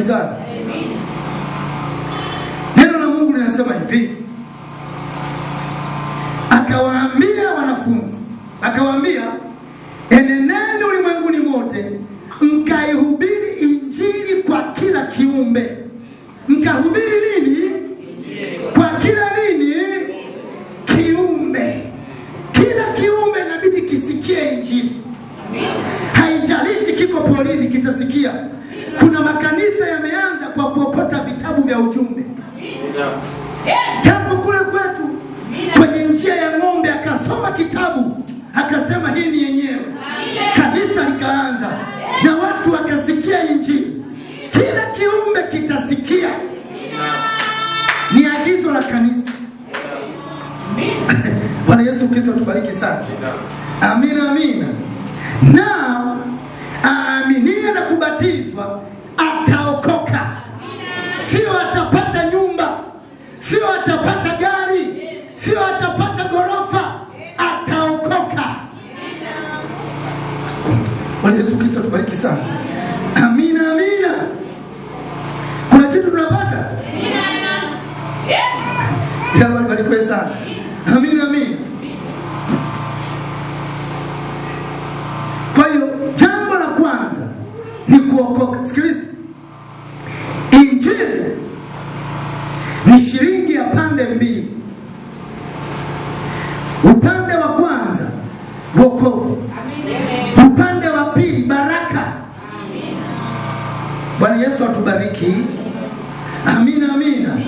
Tunaagizana. Neno la Mungu linasema hivi, akawaambia wanafunzi, akawaambia eneneni ulimwenguni mote, mkaihubiri injili kwa kila kiumbe. Mkahubiri nini? Kwa kila nini? Kiumbe. Kila kiumbe inabidi kisikie injili, haijalishi kiko porini, kitasikia akasoma kitabu akasema hii ni yenyewe. kabisa likaanza na watu wakasikia Injili. Kila kiumbe kitasikia, ni agizo la kanisa. Bwana Yesu Kristo tubariki sana, amina amina. Nao aaminie na kubatizwa Bwana Yesu Kristo atubariki sana. Amina, amina. Kuna kitu tunapata? Amina, amina sana. Amina, amina. Kwa hiyo jambo la kwanza ni kuokoka. Sikiliza, injili ni shilingi ya pande mbili. Upande wa kwanza wokovu Kubariki. Amina, amina.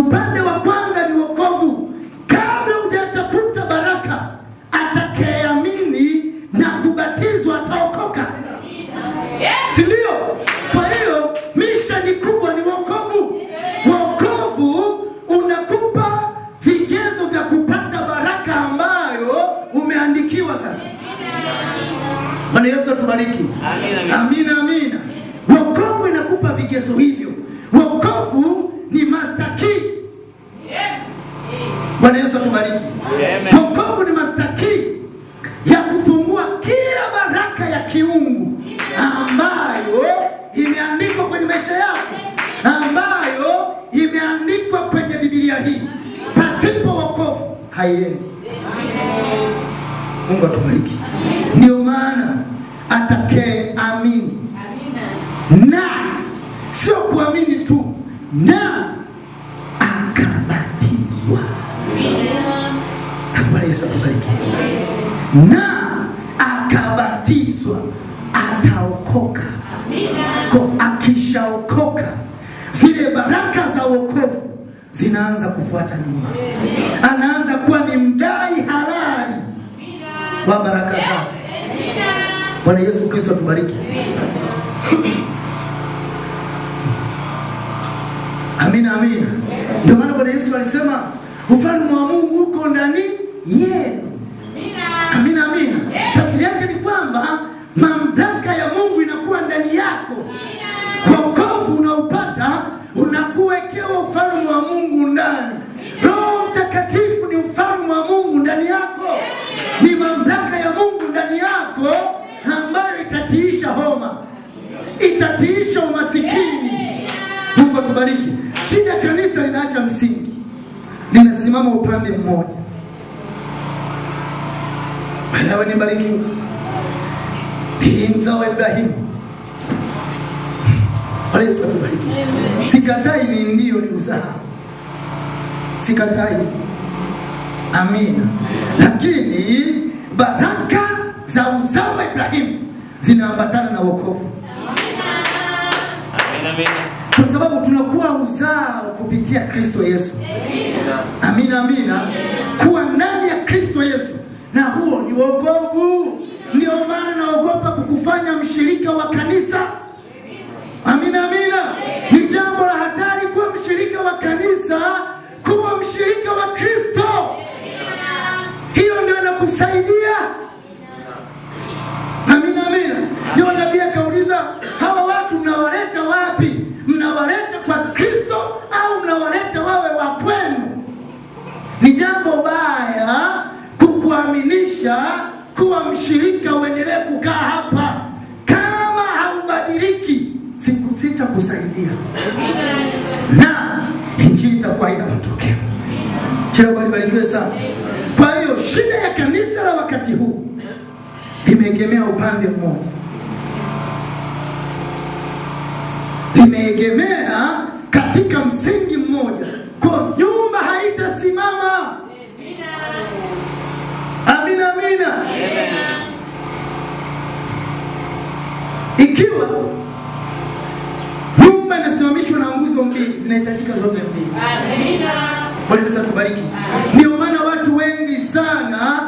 Upande wa kwanza ni wokovu. Kabla hujatafuta baraka, atakayeamini na kubatizwa ataokoka, si ndio? Kwa hiyo misheni kubwa ni wokovu. Wokovu unakupa vigezo vya kupata baraka ambayo umeandikiwa sasa. Bwana Yesu atubariki. Amina, amina kukupa vigezo hivyo. Wokovu ni master key. Bwana Yesu atubariki. Wokovu ni master key ya kufungua kila baraka ya kiungu ambayo imeandikwa kwenye maisha yako, ambayo imeandikwa kwenye Biblia hii. Pasipo wokovu haiendi. Mungu atubariki. na akabatizwa ataokoka. Kwa akishaokoka zile baraka za wokovu zinaanza kufuata nyuma, anaanza kuwa ni mdai halali wa baraka zake. Bwana Yesu Kristo atubariki. amina amina. Ndio maana Bwana Yesu alisema ufalme wa Mungu uko ndani yeah. itatiisha homa, itatiisha umasikini. Mungu atubariki. Shida kanisa linaacha msingi, linasimama upande mmoja. Wewe ni barikiwa, ni mzao wa Ibrahimu. Yesu atubariki. Sikatai ni ndio, ni uzao, sikatai. Amina, lakini baraka za uzao wa Ibrahimu zinaambatana na wokovu, kwa sababu tunakuwa uzao kupitia Kristo Yesu. Amina, amina. Kuwa ndani ya Kristo Yesu, na huo ni wokovu. Ndio maana naogopa kukufanya mshirika wa kanisa kukukaribisha kuwa mshirika, uendelee kukaa hapa. Kama haubadiliki, siku sita kusaidia na injili itakuwa ina matokeo. Barikiwe sana. Kwa hiyo shida ya kanisa la wakati huu limeegemea upande mmoja, limeegemea katika msingi mmoja Ikiwa nyumba inasimamishwa na nguzo mbili, zinahitajika zote mbili. Amina. Bwana atubariki. Ndio maana watu wengi sana